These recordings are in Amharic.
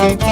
Gracias.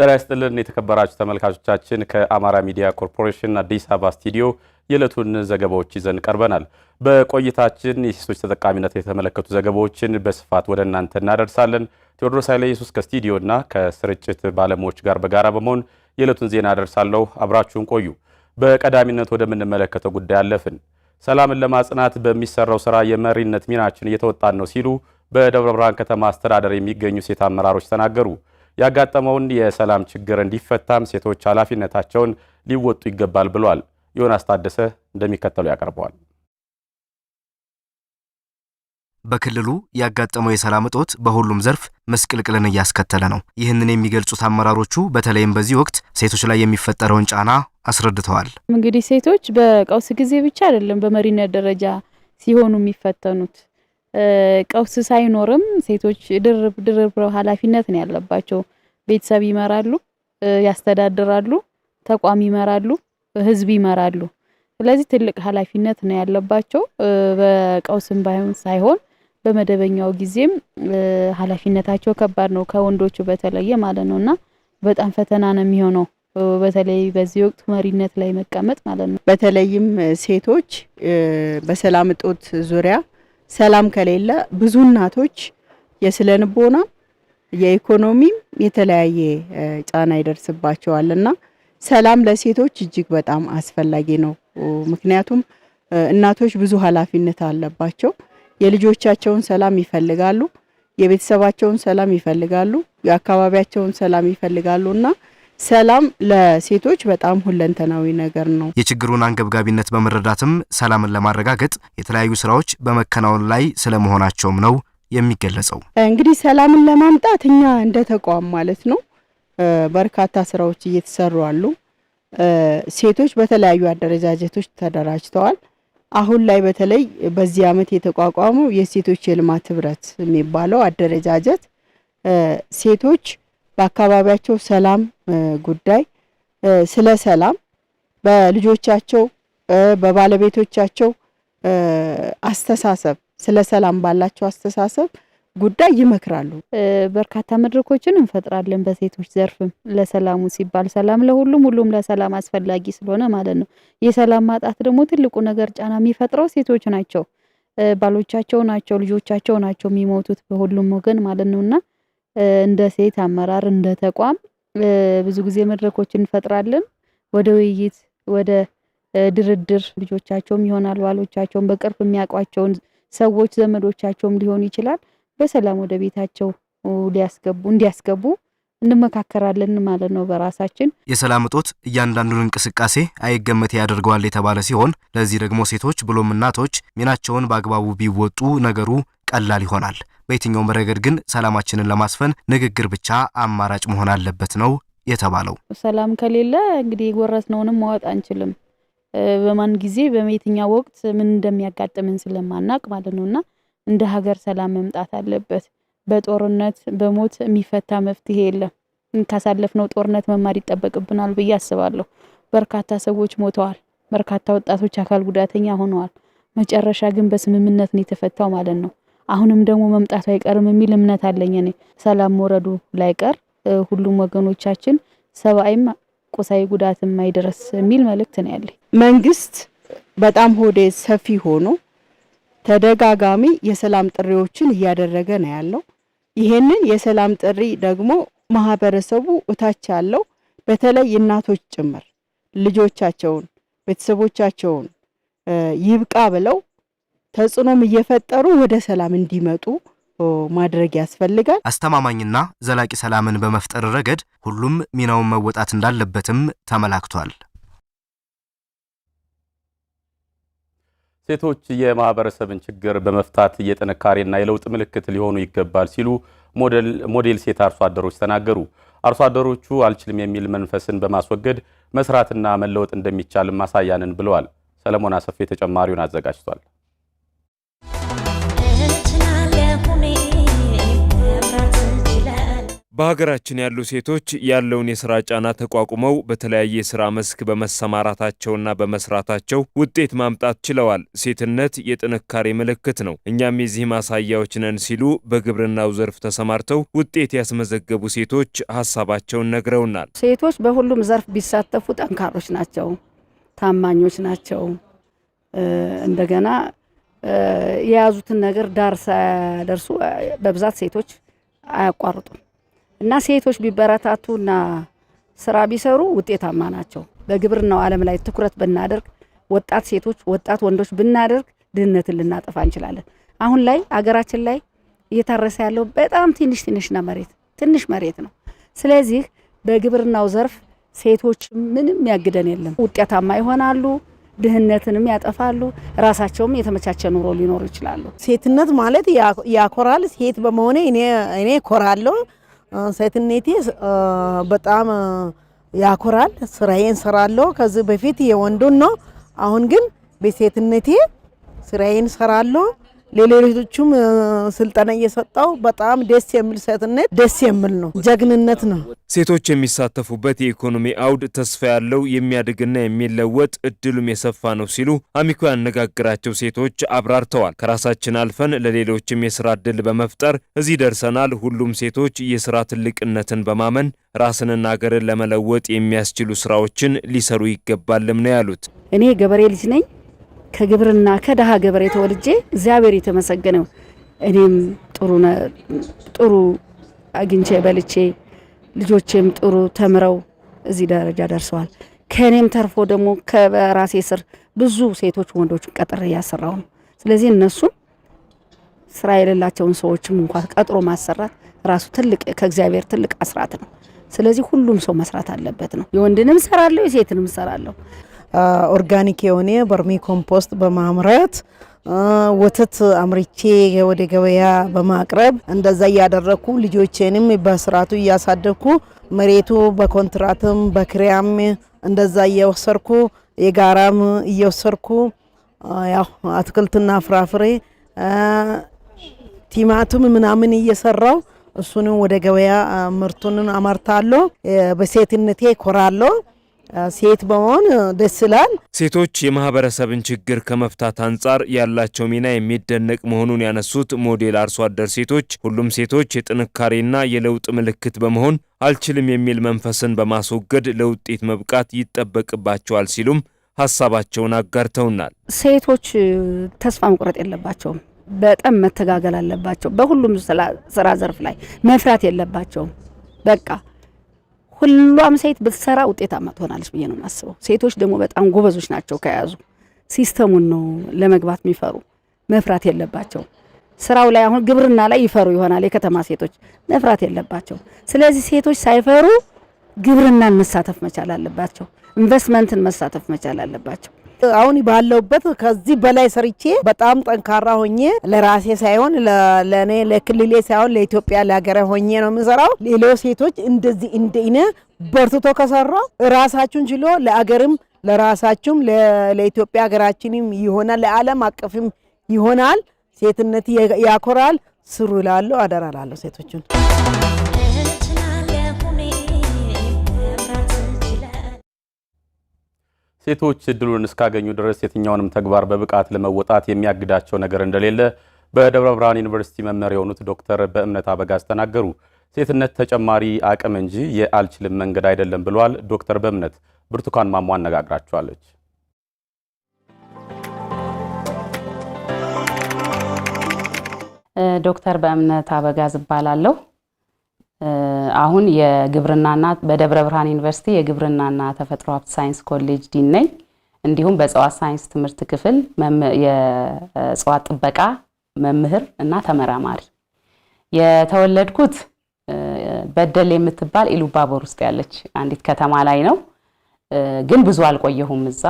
ጤና ይስጥልን የተከበራችሁ ተመልካቾቻችን፣ ከአማራ ሚዲያ ኮርፖሬሽን አዲስ አበባ ስቱዲዮ የዕለቱን ዘገባዎች ይዘን ቀርበናል። በቆይታችን የሴቶች ተጠቃሚነት የተመለከቱ ዘገባዎችን በስፋት ወደ እናንተ እናደርሳለን። ቴዎድሮስ ኃይለ ኢየሱስ ከስቱዲዮ እና ከስርጭት ባለሙያዎች ጋር በጋራ በመሆን የዕለቱን ዜና አደርሳለሁ። አብራችሁን ቆዩ። በቀዳሚነት ወደምንመለከተው ጉዳይ አለፍን። ሰላምን ለማጽናት በሚሰራው ስራ የመሪነት ሚናችን እየተወጣን ነው ሲሉ በደብረ ብርሃን ከተማ አስተዳደር የሚገኙ ሴት አመራሮች ተናገሩ። ያጋጠመውን የሰላም ችግር እንዲፈታም ሴቶች ኃላፊነታቸውን ሊወጡ ይገባል ብሏል። ዮናስ ታደሰ እንደሚከተሉ ያቀርበዋል። በክልሉ ያጋጠመው የሰላም እጦት በሁሉም ዘርፍ ምስቅልቅልን እያስከተለ ነው። ይህንን የሚገልጹት አመራሮቹ በተለይም በዚህ ወቅት ሴቶች ላይ የሚፈጠረውን ጫና አስረድተዋል። እንግዲህ ሴቶች በቀውስ ጊዜ ብቻ አይደለም በመሪነት ደረጃ ሲሆኑ የሚፈተኑት ቀውስ ሳይኖርም ሴቶች ድርብ ድርብ ኃላፊነት ነው ያለባቸው። ቤተሰብ ይመራሉ፣ ያስተዳድራሉ፣ ተቋም ይመራሉ፣ ህዝብ ይመራሉ። ስለዚህ ትልቅ ኃላፊነት ነው ያለባቸው። በቀውስም ባይሆን ሳይሆን በመደበኛው ጊዜም ኃላፊነታቸው ከባድ ነው፣ ከወንዶቹ በተለየ ማለት ነውና በጣም ፈተና ነው የሚሆነው። በተለይ በዚህ ወቅት መሪነት ላይ መቀመጥ ማለት ነው። በተለይም ሴቶች በሰላም እጦት ዙሪያ ሰላም ከሌለ ብዙ እናቶች የስነ ልቦናም የኢኮኖሚም የተለያየ ጫና ይደርስባቸዋል እና ሰላም ለሴቶች እጅግ በጣም አስፈላጊ ነው። ምክንያቱም እናቶች ብዙ ኃላፊነት አለባቸው። የልጆቻቸውን ሰላም ይፈልጋሉ፣ የቤተሰባቸውን ሰላም ይፈልጋሉ፣ የአካባቢያቸውን ሰላም ይፈልጋሉ እና ሰላም ለሴቶች በጣም ሁለንተናዊ ነገር ነው። የችግሩን አንገብጋቢነት በመረዳትም ሰላምን ለማረጋገጥ የተለያዩ ስራዎች በመከናወን ላይ ስለመሆናቸውም ነው የሚገለጸው። እንግዲህ ሰላምን ለማምጣት እኛ እንደ ተቋም ማለት ነው በርካታ ስራዎች እየተሰሩ አሉ። ሴቶች በተለያዩ አደረጃጀቶች ተደራጅተዋል። አሁን ላይ በተለይ በዚህ ዓመት የተቋቋመው የሴቶች የልማት ህብረት የሚባለው አደረጃጀት ሴቶች በአካባቢያቸው ሰላም ጉዳይ ስለ ሰላም በልጆቻቸው በባለቤቶቻቸው አስተሳሰብ ስለ ሰላም ባላቸው አስተሳሰብ ጉዳይ ይመክራሉ። በርካታ መድረኮችን እንፈጥራለን። በሴቶች ዘርፍም ለሰላሙ ሲባል ሰላም ለሁሉም ሁሉም ለሰላም አስፈላጊ ስለሆነ ማለት ነው። የሰላም ማጣት ደግሞ ትልቁ ነገር ጫና የሚፈጥረው ሴቶች ናቸው፣ ባሎቻቸው ናቸው፣ ልጆቻቸው ናቸው የሚሞቱት በሁሉም ወገን ማለት ነው እና እንደ ሴት አመራር እንደ ተቋም ብዙ ጊዜ መድረኮችን እንፈጥራለን። ወደ ውይይት ወደ ድርድር ልጆቻቸውም ይሆናል ባሎቻቸውም በቅርብ የሚያውቋቸውን ሰዎች ዘመዶቻቸውም ሊሆን ይችላል በሰላም ወደ ቤታቸው ሊያስገቡ እንዲያስገቡ እንመካከራለን ማለት ነው። በራሳችን የሰላም እጦት እያንዳንዱን እንቅስቃሴ አይገመት ያደርገዋል የተባለ ሲሆን ለዚህ ደግሞ ሴቶች ብሎም እናቶች ሚናቸውን በአግባቡ ቢወጡ ነገሩ ቀላል ይሆናል። በየትኛውም ረገድ ግን ሰላማችንን ለማስፈን ንግግር ብቻ አማራጭ መሆን አለበት ነው የተባለው። ሰላም ከሌለ እንግዲህ የጎረስነውንም ማወጥ አንችልም። በማን ጊዜ በየትኛው ወቅት ምን እንደሚያጋጥምን ስለማናቅ ማለት ነውና እንደ ሀገር ሰላም መምጣት አለበት። በጦርነት በሞት የሚፈታ መፍትሄ የለም። ካሳለፍነው ጦርነት መማር ይጠበቅብናል ብዬ አስባለሁ። በርካታ ሰዎች ሞተዋል። በርካታ ወጣቶች አካል ጉዳተኛ ሆነዋል። መጨረሻ ግን በስምምነት ነው የተፈታው ማለት ነው። አሁንም ደግሞ መምጣቱ አይቀርም የሚል እምነት አለኝ እኔ። ሰላም መውረዱ ላይቀር ሁሉም ወገኖቻችን ሰብአዊም ቁሳዊ ጉዳትም አይደረስ የሚል መልእክት ነው ያለኝ። መንግስት በጣም ሆዴ ሰፊ ሆኖ ተደጋጋሚ የሰላም ጥሪዎችን እያደረገ ነው ያለው። ይሄንን የሰላም ጥሪ ደግሞ ማህበረሰቡ እታች ያለው በተለይ እናቶች ጭምር ልጆቻቸውን ቤተሰቦቻቸውን ይብቃ ብለው ተጽዕኖም እየፈጠሩ ወደ ሰላም እንዲመጡ ማድረግ ያስፈልጋል። አስተማማኝና ዘላቂ ሰላምን በመፍጠር ረገድ ሁሉም ሚናውን መወጣት እንዳለበትም ተመላክቷል። ሴቶች የማህበረሰብን ችግር በመፍታት የጥንካሬና የለውጥ ምልክት ሊሆኑ ይገባል ሲሉ ሞዴል ሴት አርሶ አደሮች ተናገሩ። አርሶ አደሮቹ አልችልም የሚል መንፈስን በማስወገድ መስራትና መለወጥ እንደሚቻል ማሳያንን ብለዋል። ሰለሞን አሰፌ ተጨማሪውን አዘጋጅቷል። በሀገራችን ያሉ ሴቶች ያለውን የስራ ጫና ተቋቁመው በተለያየ የስራ መስክ በመሰማራታቸውና በመስራታቸው ውጤት ማምጣት ችለዋል። ሴትነት የጥንካሬ ምልክት ነው፣ እኛም የዚህ ማሳያዎች ነን ሲሉ በግብርናው ዘርፍ ተሰማርተው ውጤት ያስመዘገቡ ሴቶች ሀሳባቸውን ነግረውናል። ሴቶች በሁሉም ዘርፍ ቢሳተፉ ጠንካሮች ናቸው፣ ታማኞች ናቸው። እንደገና የያዙትን ነገር ዳር ሳያደርሱ በብዛት ሴቶች አያቋርጡም። እና ሴቶች ቢበረታቱና ስራ ቢሰሩ ውጤታማ ናቸው። በግብርናው ዓለም ላይ ትኩረት ብናደርግ፣ ወጣት ሴቶች ወጣት ወንዶች ብናደርግ ድህነትን ልናጠፋ እንችላለን። አሁን ላይ አገራችን ላይ እየታረሰ ያለው በጣም ትንሽ ትንሽ መሬት ትንሽ መሬት ነው። ስለዚህ በግብርናው ዘርፍ ሴቶች ምንም ያግደን የለም። ውጤታማ ይሆናሉ፣ ድህነትንም ያጠፋሉ፣ ራሳቸውም የተመቻቸ ኑሮ ሊኖሩ ይችላሉ። ሴትነት ማለት ያኮራል። ሴት በመሆኔ እኔ ኮራለሁ። ሴትነቴ በጣም ያኮራል። ስራዬን ሰራለሁ። ከዚህ በፊት የወንዱን ነው። አሁን ግን በሴትነቴ ስራዬን ሰራለሁ። ለሌሎቹም ስልጠና እየሰጠው በጣም ደስ የሚል ሴትነት ደስ የሚል ነው፣ ጀግንነት ነው። ሴቶች የሚሳተፉበት የኢኮኖሚ አውድ ተስፋ ያለው የሚያድግና የሚለወጥ እድሉም የሰፋ ነው ሲሉ አሚኮ ያነጋግራቸው ሴቶች አብራርተዋል። ከራሳችን አልፈን ለሌሎችም የስራ እድል በመፍጠር እዚህ ደርሰናል። ሁሉም ሴቶች የስራ ትልቅነትን በማመን ራስንና ሀገርን ለመለወጥ የሚያስችሉ ስራዎችን ሊሰሩ ይገባልም ነው ያሉት። እኔ ገበሬ ልጅ ነኝ። ከግብርና ከደሃ ገበሬ ተወልጄ እግዚአብሔር የተመሰገነው እኔም ጥሩ ጥሩ አግኝቼ በልቼ ልጆቼም ጥሩ ተምረው እዚህ ደረጃ ደርሰዋል። ከእኔም ተርፎ ደግሞ ከራሴ ስር ብዙ ሴቶች ወንዶች ቀጥሬ እያሰራው ነው። ስለዚህ እነሱም ስራ የሌላቸውን ሰዎችም እንኳ ቀጥሮ ማሰራት ራሱ ትልቅ ከእግዚአብሔር ትልቅ አስራት ነው። ስለዚህ ሁሉም ሰው መስራት አለበት ነው። የወንድንም ሰራለሁ የሴትንም ሰራለሁ። ኦርጋኒክ የሆነ በርሚ ኮምፖስት በማምረት ወተት አምርቼ ወደ ገበያ በማቅረብ እንደዛ እያደረግኩ ልጆቼንም በስርዓቱ እያሳደግኩ መሬቱ በኮንትራትም በክሪያም እንደዛ እየወሰርኩ የጋራም እየወሰርኩ ያው አትክልትና ፍራፍሬ ቲማቲም ምናምን እየሰራው እሱንም ወደ ገበያ ምርቱን አመርታለሁ። በሴትነቴ ኮራለሁ። ሴት በመሆን ደስ ይላል። ሴቶች የማህበረሰብን ችግር ከመፍታት አንጻር ያላቸው ሚና የሚደነቅ መሆኑን ያነሱት ሞዴል አርሶ አደር ሴቶች ሁሉም ሴቶች የጥንካሬና የለውጥ ምልክት በመሆን አልችልም የሚል መንፈስን በማስወገድ ለውጤት መብቃት ይጠበቅባቸዋል ሲሉም ሀሳባቸውን አጋርተውናል። ሴቶች ተስፋ መቁረጥ የለባቸውም። በጣም መተጋገል አለባቸው። በሁሉም ስራ ዘርፍ ላይ መፍራት የለባቸውም። በቃ ሁሏም ሴት ብትሰራ ውጤታማ ትሆናለች ብዬ ነው የማስበው። ሴቶች ደግሞ በጣም ጎበዞች ናቸው። ከያዙ ሲስተሙን ነው ለመግባት የሚፈሩ መፍራት የለባቸው። ስራው ላይ አሁን ግብርና ላይ ይፈሩ ይሆናል የከተማ ሴቶች መፍራት የለባቸው። ስለዚህ ሴቶች ሳይፈሩ ግብርናን መሳተፍ መቻል አለባቸው። ኢንቨስትመንትን መሳተፍ መቻል አለባቸው። አሁን ባለውበት ከዚህ በላይ ሰርቼ በጣም ጠንካራ ሆኜ ለራሴ ሳይሆን ለእኔ ለክልሌ ሳይሆን ለኢትዮጵያ ለሀገረ ሆኜ ነው የምንሰራው። ሌሎ ሴቶች እንደዚህ እንደኔ በርትቶ ከሰራ ራሳችሁን ችሎ ለአገርም ለራሳችሁም ለኢትዮጵያ ሀገራችንም ይሆናል፣ ለዓለም አቀፍም ይሆናል። ሴትነት ያኮራል። ስሩ ይላለሁ፣ አደራ እላለሁ ሴቶችን ሴቶች እድሉን እስካገኙ ድረስ የትኛውንም ተግባር በብቃት ለመወጣት የሚያግዳቸው ነገር እንደሌለ በደብረ ብርሃን ዩኒቨርሲቲ መምህር የሆኑት ዶክተር በእምነት አበጋዝ ተናገሩ። ሴትነት ተጨማሪ አቅም እንጂ የአልችልም መንገድ አይደለም ብሏል ዶክተር በእምነት። ብርቱካን ማሞ አነጋግራቸዋለች። ዶክተር በእምነት አበጋዝ እባላለሁ። አሁን የግብርናና በደብረ ብርሃን ዩኒቨርሲቲ የግብርናና ተፈጥሮ ሀብት ሳይንስ ኮሌጅ ዲን ነኝ። እንዲሁም በእጽዋት ሳይንስ ትምህርት ክፍል የእጽዋት ጥበቃ መምህር እና ተመራማሪ። የተወለድኩት በደሌ የምትባል ኢሉባቦር ውስጥ ያለች አንዲት ከተማ ላይ ነው። ግን ብዙ አልቆየሁም እዛ።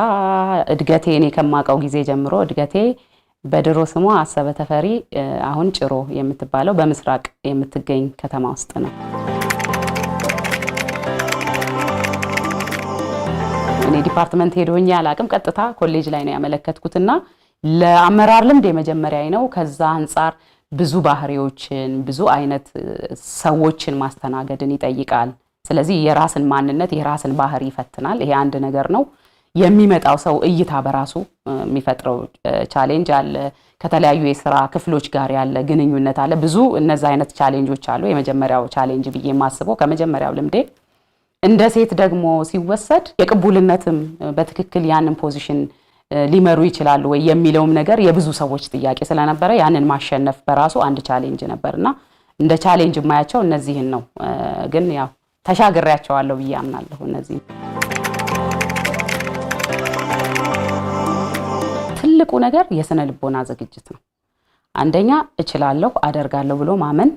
እድገቴ እኔ ከማውቀው ጊዜ ጀምሮ እድገቴ በድሮ ስሟ አሰበ ተፈሪ አሁን ጭሮ የምትባለው በምስራቅ የምትገኝ ከተማ ውስጥ ነው። እኔ ዲፓርትመንት ሄዶኝ አላቅም። ቀጥታ ኮሌጅ ላይ ነው ያመለከትኩትና ለአመራር ልምድ የመጀመሪያ ነው። ከዛ አንጻር ብዙ ባህሪዎችን ብዙ አይነት ሰዎችን ማስተናገድን ይጠይቃል። ስለዚህ የራስን ማንነት የራስን ባህሪ ይፈትናል። ይሄ አንድ ነገር ነው። የሚመጣው ሰው እይታ በራሱ የሚፈጥረው ቻሌንጅ አለ። ከተለያዩ የስራ ክፍሎች ጋር ያለ ግንኙነት አለ። ብዙ እነዚ አይነት ቻሌንጆች አሉ። የመጀመሪያው ቻሌንጅ ብዬ የማስበው ከመጀመሪያው ልምዴ እንደ ሴት ደግሞ ሲወሰድ የቅቡልነትም በትክክል ያንን ፖዚሽን ሊመሩ ይችላሉ ወይ የሚለውም ነገር የብዙ ሰዎች ጥያቄ ስለነበረ ያንን ማሸነፍ በራሱ አንድ ቻሌንጅ ነበር እና እንደ ቻሌንጅ የማያቸው እነዚህን ነው። ግን ያው ተሻግሬያቸዋለሁ ብዬ አምናለሁ እነዚህ ትልቁ ነገር የስነ ልቦና ዝግጅት ነው። አንደኛ እችላለሁ፣ አደርጋለሁ ብሎ ማመን፣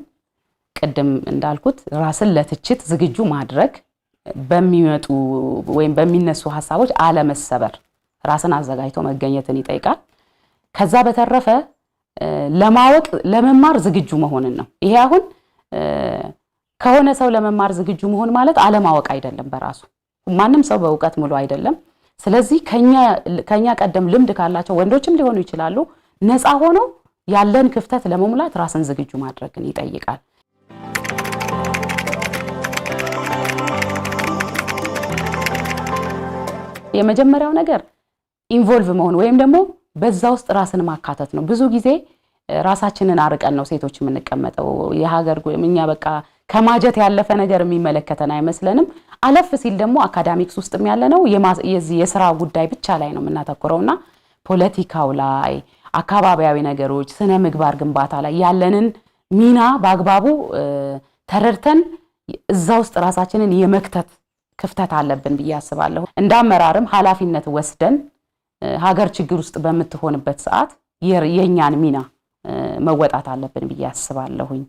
ቅድም እንዳልኩት ራስን ለትችት ዝግጁ ማድረግ፣ በሚመጡ ወይም በሚነሱ ሀሳቦች አለመሰበር፣ ራስን አዘጋጅቶ መገኘትን ይጠይቃል። ከዛ በተረፈ ለማወቅ ለመማር ዝግጁ መሆንን ነው። ይሄ አሁን ከሆነ ሰው ለመማር ዝግጁ መሆን ማለት አለማወቅ አይደለም። በራሱ ማንም ሰው በእውቀት ሙሉ አይደለም። ስለዚህ ከኛ ቀደም ልምድ ካላቸው ወንዶችም ሊሆኑ ይችላሉ ነፃ ሆኖ ያለን ክፍተት ለመሙላት ራስን ዝግጁ ማድረግን ይጠይቃል። የመጀመሪያው ነገር ኢንቮልቭ መሆን ወይም ደግሞ በዛ ውስጥ ራስን ማካተት ነው። ብዙ ጊዜ ራሳችንን አርቀን ነው ሴቶች የምንቀመጠው። የሀገር እኛ በቃ ከማጀት ያለፈ ነገር የሚመለከተን አይመስለንም። አለፍ ሲል ደግሞ አካዳሚክስ ውስጥም ያለ ነው የዚህ የስራ ጉዳይ ብቻ ላይ ነው እና ፖለቲካው ላይ አካባቢያዊ ነገሮች፣ ስነ ምግባር ግንባታ ላይ ያለንን ሚና በአግባቡ ተረድተን እዛ ውስጥ ራሳችንን የመክተት ክፍተት አለብን ብዬ አስባለሁ። እንደ አመራርም ኃላፊነት ወስደን ሀገር ችግር ውስጥ በምትሆንበት ሰዓት የእኛን ሚና መወጣት አለብን ብዬ አስባለሁኝ።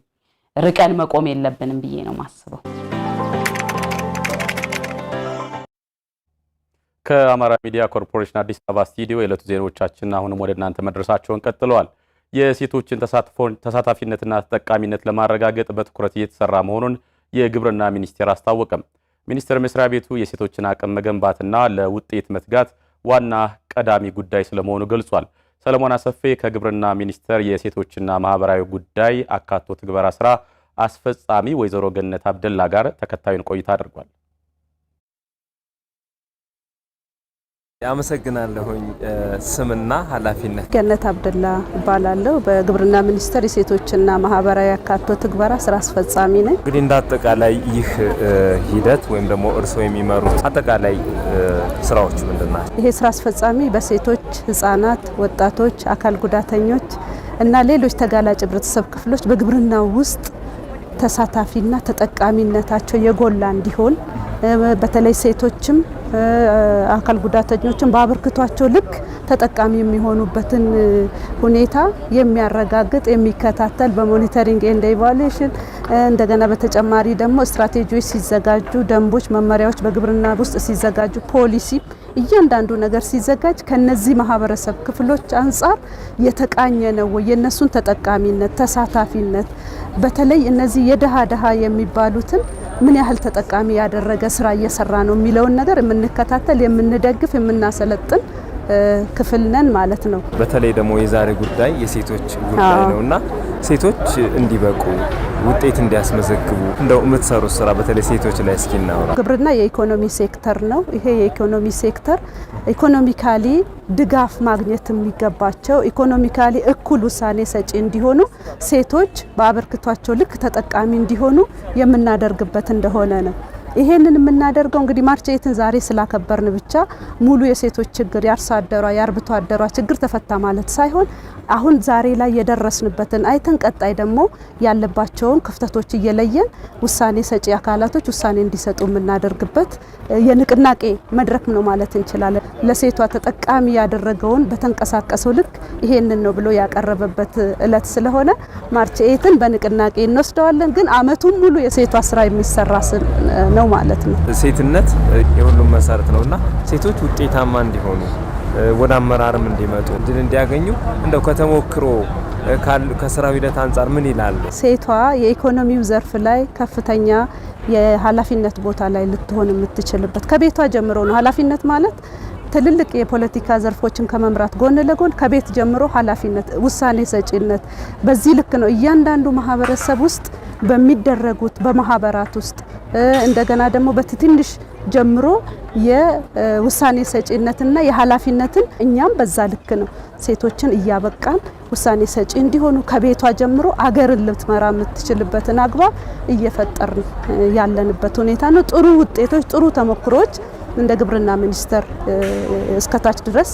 ርቀን መቆም የለብንም ብዬ ነው ማስበው። ከአማራ ሚዲያ ኮርፖሬሽን አዲስ አበባ ስቱዲዮ የዕለቱ ዜናዎቻችን አሁንም ወደ እናንተ መድረሳቸውን ቀጥለዋል። የሴቶችን ተሳታፊነትና ተጠቃሚነት ለማረጋገጥ በትኩረት እየተሰራ መሆኑን የግብርና ሚኒስቴር አስታወቀም። ሚኒስቴር መስሪያ ቤቱ የሴቶችን አቅም መገንባትና ለውጤት መትጋት ዋና ቀዳሚ ጉዳይ ስለመሆኑ ገልጿል። ሰለሞን አሰፌ ከግብርና ሚኒስቴር የሴቶችና ማህበራዊ ጉዳይ አካቶ ትግበራ ስራ አስፈጻሚ ወይዘሮ ገነት አብደላ ጋር ተከታዩን ቆይታ አድርጓል። አመሰግናለሁኝ። ስምና ኃላፊነት ገነት አብደላ እባላለሁ። በግብርና ሚኒስቴር የሴቶችና ማህበራዊ አካቶ ትግበራ ስራ አስፈጻሚ ነኝ። እንግዲህ እንደ አጠቃላይ ይህ ሂደት ወይም ደግሞ እርስዎ የሚመሩት አጠቃላይ ስራዎች ምንድን ናቸው? ይሄ ስራ አስፈጻሚ በሴቶች ህጻናት፣ ወጣቶች፣ አካል ጉዳተኞች እና ሌሎች ተጋላጭ ህብረተሰብ ክፍሎች በግብርናው ውስጥ ተሳታፊና ተጠቃሚነታቸው የጎላ እንዲሆን በተለይ ሴቶችም አካል ጉዳተኞችን በአበርክቷቸው ልክ ተጠቃሚ የሚሆኑበትን ሁኔታ የሚያረጋግጥ የሚከታተል በሞኒተሪንግ ኤንድ ኢቫሉዌሽን እንደገና በተጨማሪ ደግሞ ስትራቴጂዎች ሲዘጋጁ፣ ደንቦች፣ መመሪያዎች በግብርና ውስጥ ሲዘጋጁ፣ ፖሊሲ እያንዳንዱ ነገር ሲዘጋጅ ከነዚህ ማህበረሰብ ክፍሎች አንጻር የተቃኘ ነው ወይ የእነሱን ተጠቃሚነት ተሳታፊነት በተለይ እነዚህ የድሃ ድሃ የሚባሉትን ምን ያህል ተጠቃሚ ያደረገ ስራ እየሰራ ነው የሚለውን ነገር የምንከታተል፣ የምንደግፍ፣ የምናሰለጥን ክፍል ነን ማለት ነው። በተለይ ደግሞ የዛሬ ጉዳይ የሴቶች ጉዳይ ነውና ሴቶች እንዲበቁ ውጤት እንዲያስመዘግቡ እንደው የምትሰሩት ስራ በተለይ ሴቶች ላይ እስኪ እናውራ። ግብርና የኢኮኖሚ ሴክተር ነው። ይሄ የኢኮኖሚ ሴክተር ኢኮኖሚካሊ ድጋፍ ማግኘት የሚገባቸው ኢኮኖሚካሊ እኩል ውሳኔ ሰጪ እንዲሆኑ ሴቶች በአበርክቷቸው ልክ ተጠቃሚ እንዲሆኑ የምናደርግበት እንደሆነ ነው። ይሄንን የምናደርገው እንግዲህ ማርች ኤይትን ዛሬ ስላከበርን ብቻ ሙሉ የሴቶች ችግር የአርሶ አደሯ የአርብቶ አደሯ ችግር ተፈታ ማለት ሳይሆን አሁን ዛሬ ላይ የደረስንበትን አይተን ቀጣይ ደግሞ ያለባቸውን ክፍተቶች እየለየን ውሳኔ ሰጪ አካላቶች ውሳኔ እንዲሰጡ የምናደርግበት የንቅናቄ መድረክ ነው ማለት እንችላለን። ለሴቷ ተጠቃሚ ያደረገውን በተንቀሳቀሰው ልክ ይሄንን ነው ብሎ ያቀረበበት እለት ስለሆነ ማርች ኤትን በንቅናቄ እንወስደዋለን። ግን አመቱን ሙሉ የሴቷ ስራ የሚሰራ ነው ማለት ነው። ሴትነት የሁሉም መሰረት ነውና ሴቶች ውጤታማ እንዲሆኑ ወደ አመራርም እንዲመጡ እድል እንዲያገኙ እንደው ከተሞክሮ ከስራው ሂደት አንጻር ምን ይላል? ሴቷ የኢኮኖሚው ዘርፍ ላይ ከፍተኛ የኃላፊነት ቦታ ላይ ልትሆን የምትችልበት ከቤቷ ጀምሮ ነው። ኃላፊነት ማለት ትልልቅ የፖለቲካ ዘርፎችን ከመምራት ጎን ለጎን ከቤት ጀምሮ ኃላፊነት፣ ውሳኔ ሰጪነት በዚህ ልክ ነው። እያንዳንዱ ማህበረሰብ ውስጥ በሚደረጉት በማህበራት ውስጥ እንደገና ደግሞ በትንሽ ጀምሮ የውሳኔ ሰጪነትና የኃላፊነትን እኛም በዛ ልክ ነው ሴቶችን እያበቃን ውሳኔ ሰጪ እንዲሆኑ ከቤቷ ጀምሮ አገርን ልትመራ የምትችልበትን አግባብ እየፈጠርን ያለንበት ሁኔታ ነው። ጥሩ ውጤቶች፣ ጥሩ ተሞክሮዎች እንደ ግብርና ሚኒስቴር እስከታች ድረስ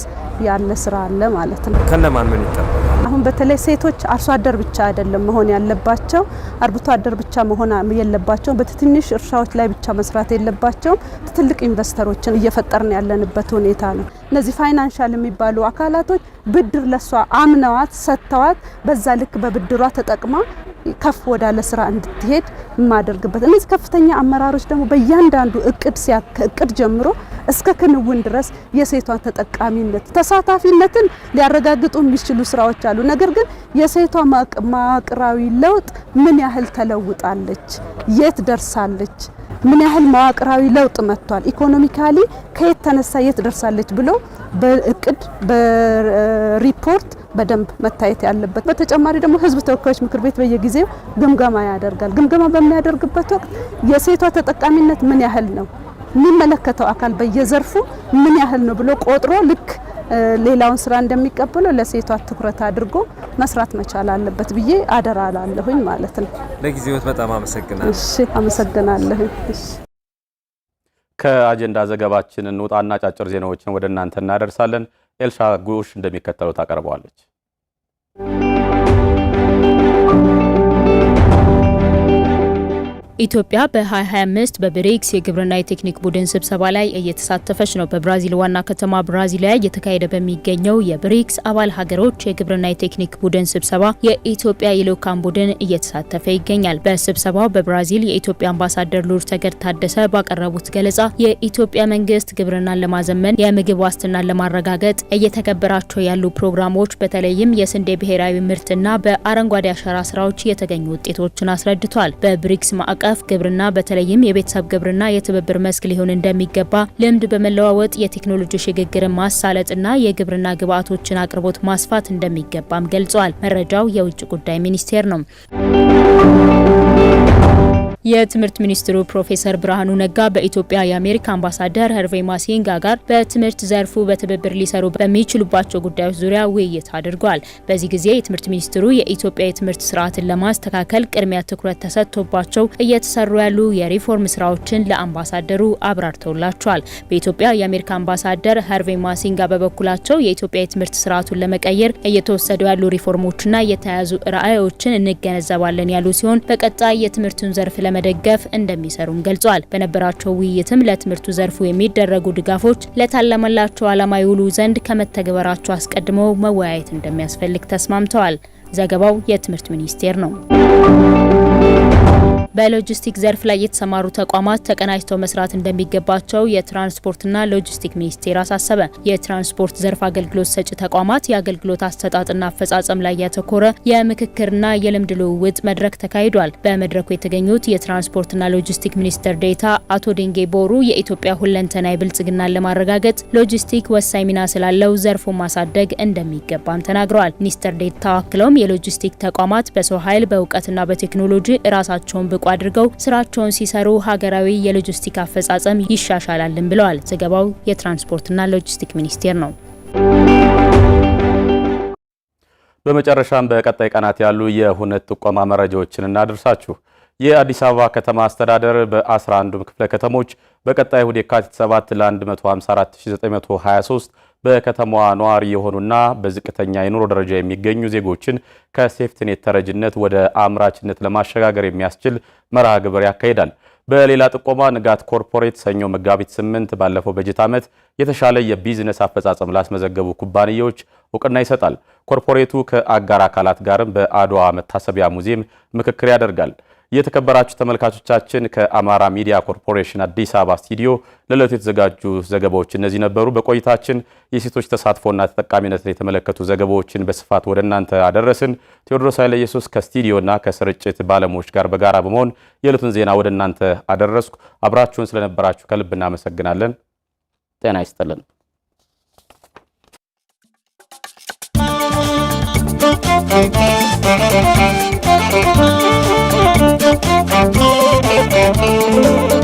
ያለ ስራ አለ ማለት ነው። ከነማን ምን ይጠበቃል? አሁን በተለይ ሴቶች አርሶ አደር ብቻ አይደለም መሆን ያለባቸው፣ አርብቶ አደር ብቻ መሆን የለባቸው፣ በትንሽ እርሻዎች ላይ ብቻ መስራት የለባቸውም። ትልቅ ኢንቨስተሮችን እየፈጠርን ያለንበት ሁኔታ ነው። እነዚህ ፋይናንሻል የሚባሉ አካላቶች ብድር ለሷ አምነዋት ሰጥተዋት በዛ ልክ በብድሯ ተጠቅማ ከፍ ወዳለ ስራ እንድትሄድ የማደርግበት እነዚህ ከፍተኛ አመራሮች ደግሞ በእያንዳንዱ እቅድ ሲያ ከእቅድ ጀምሮ እስከ ክንውን ድረስ የሴቷን ተጠቃሚነት ተሳታፊነትን ሊያረጋግጡ የሚችሉ ስራዎች አሉ። ነገር ግን የሴቷ መዋቅራዊ ለውጥ ምን ያህል ተለውጣለች? የት ደርሳለች? ምን ያህል መዋቅራዊ ለውጥ መጥቷል? ኢኮኖሚካሊ ከየት ተነሳ የት ደርሳለች ብሎ በእቅድ በሪፖርት በደንብ መታየት ያለበት። በተጨማሪ ደግሞ ህዝብ ተወካዮች ምክር ቤት በየጊዜው ግምገማ ያደርጋል። ግምገማ በሚያደርግበት ወቅት የሴቷ ተጠቃሚነት ምን ያህል ነው የሚመለከተው አካል በየዘርፉ ምን ያህል ነው ብሎ ቆጥሮ ልክ ሌላውን ስራ እንደሚቀበለው ለሴቷ ትኩረት አድርጎ መስራት መቻል አለበት ብዬ አደራ ላለሁኝ ማለት ነው። ለጊዜዎት በጣም አመሰግናለሁ። አመሰግናለሁ። ከአጀንዳ ዘገባችን እንውጣና አጫጭር ዜናዎችን ወደ እናንተ እናደርሳለን። ኤልሻ ጉሽ እንደሚከተለው ታቀርበዋለች። ኢትዮጵያ በ2025 በብሪክስ የግብርና የቴክኒክ ቡድን ስብሰባ ላይ እየተሳተፈች ነው። በብራዚል ዋና ከተማ ብራዚሊያ እየተካሄደ በሚገኘው የብሪክስ አባል ሀገሮች የግብርና የቴክኒክ ቡድን ስብሰባ የኢትዮጵያ የልኡካን ቡድን እየተሳተፈ ይገኛል። በስብሰባው በብራዚል የኢትዮጵያ አምባሳደር ሉር ተገድ ታደሰ ባቀረቡት ገለጻ የኢትዮጵያ መንግስት ግብርናን ለማዘመን፣ የምግብ ዋስትናን ለማረጋገጥ እየተገበራቸው ያሉ ፕሮግራሞች በተለይም የስንዴ ብሔራዊ ምርትና በአረንጓዴ አሻራ ስራዎች የተገኙ ውጤቶችን አስረድቷል። በብሪክስ ማዕቀ አቀፍ ግብርና በተለይም የቤተሰብ ግብርና የትብብር መስክ ሊሆን እንደሚገባ ልምድ በመለዋወጥ የቴክኖሎጂ ሽግግርን ማሳለጥና የግብርና ግብዓቶችን አቅርቦት ማስፋት እንደሚገባም ገልጸዋል። መረጃው የውጭ ጉዳይ ሚኒስቴር ነው። የትምህርት ሚኒስትሩ ፕሮፌሰር ብርሃኑ ነጋ በኢትዮጵያ የአሜሪካ አምባሳደር ሀርቬ ማሲንጋ ጋር በትምህርት ዘርፉ በትብብር ሊሰሩ በሚችሉባቸው ጉዳዮች ዙሪያ ውይይት አድርጓል። በዚህ ጊዜ የትምህርት ሚኒስትሩ የኢትዮጵያ የትምህርት ስርዓትን ለማስተካከል ቅድሚያ ትኩረት ተሰጥቶባቸው እየተሰሩ ያሉ የሪፎርም ስራዎችን ለአምባሳደሩ አብራርተውላቸዋል። በኢትዮጵያ የአሜሪካ አምባሳደር ሀርቬ ማሲንጋ በበኩላቸው የኢትዮጵያ የትምህርት ስርዓቱን ለመቀየር እየተወሰዱ ያሉ ሪፎርሞችና የተያያዙ ራዕዮችን እንገነዘባለን ያሉ ሲሆን በቀጣይ የትምህርቱን ዘርፍ ለመደገፍ እንደሚሰሩም ገልጿል። በነበራቸው ውይይትም ለትምህርቱ ዘርፉ የሚደረጉ ድጋፎች ለታለመላቸው ዓላማ ይውሉ ዘንድ ከመተግበራቸው አስቀድሞ መወያየት እንደሚያስፈልግ ተስማምተዋል። ዘገባው የትምህርት ሚኒስቴር ነው። በሎጂስቲክ ዘርፍ ላይ የተሰማሩ ተቋማት ተቀናጅተው መስራት እንደሚገባቸው የትራንስፖርትና ሎጂስቲክ ሚኒስቴር አሳሰበ። የትራንስፖርት ዘርፍ አገልግሎት ሰጪ ተቋማት የአገልግሎት አሰጣጥና አፈጻጸም ላይ ያተኮረ የምክክርና የልምድ ልውውጥ መድረክ ተካሂዷል። በመድረኩ የተገኙት የትራንስፖርትና ሎጂስቲክ ሚኒስትር ዴታ አቶ ዴንጌ ቦሩ የኢትዮጵያ ሁለንተና ብልጽግናን ለማረጋገጥ ሎጂስቲክ ወሳኝ ሚና ስላለው ዘርፉን ማሳደግ እንደሚገባም ተናግረዋል። ሚኒስትር ዴታ አክለውም የሎጂስቲክ ተቋማት በሰው ኃይል በእውቀትና በቴክኖሎጂ ራሳቸውን ብቁ አድርገው ስራቸውን ሲሰሩ ሀገራዊ የሎጂስቲክ አፈጻጸም ይሻሻላልን ብለዋል። ዘገባው የትራንስፖርትና ሎጂስቲክ ሚኒስቴር ነው። በመጨረሻም በቀጣይ ቀናት ያሉ የሁነት ጥቆማ መረጃዎችን እናደርሳችሁ። የአዲስ አበባ ከተማ አስተዳደር በ11ዱም ክፍለ ከተሞች በቀጣይ እሁድ የካቲት 7 ለ154923 በከተማዋ ነዋሪ የሆኑና በዝቅተኛ የኑሮ ደረጃ የሚገኙ ዜጎችን ከሴፍትኔት ተረጅነት ወደ አምራችነት ለማሸጋገር የሚያስችል መርሃ ግብር ያካሂዳል። በሌላ ጥቆማ ንጋት ኮርፖሬት ሰኞ መጋቢት 8 ባለፈው በጀት ዓመት የተሻለ የቢዝነስ አፈጻጸም ላስመዘገቡ ኩባንያዎች እውቅና ይሰጣል። ኮርፖሬቱ ከአጋር አካላት ጋርም በአድዋ መታሰቢያ ሙዚየም ምክክር ያደርጋል። የተከበራችሁ ተመልካቾቻችን ከአማራ ሚዲያ ኮርፖሬሽን አዲስ አበባ ስቱዲዮ ለዕለቱ የተዘጋጁ ዘገባዎች እነዚህ ነበሩ። በቆይታችን የሴቶች ተሳትፎና ተጠቃሚነትን የተመለከቱ ዘገባዎችን በስፋት ወደ እናንተ አደረስን። ቴዎድሮስ ኃይለ ኢየሱስ ከስቱዲዮና ከስርጭት ባለሙያዎች ጋር በጋራ በመሆን የዕለቱን ዜና ወደ እናንተ አደረስኩ። አብራችሁን ስለነበራችሁ ከልብ እናመሰግናለን። ጤና ይስጥልን። Thank you. Thank you.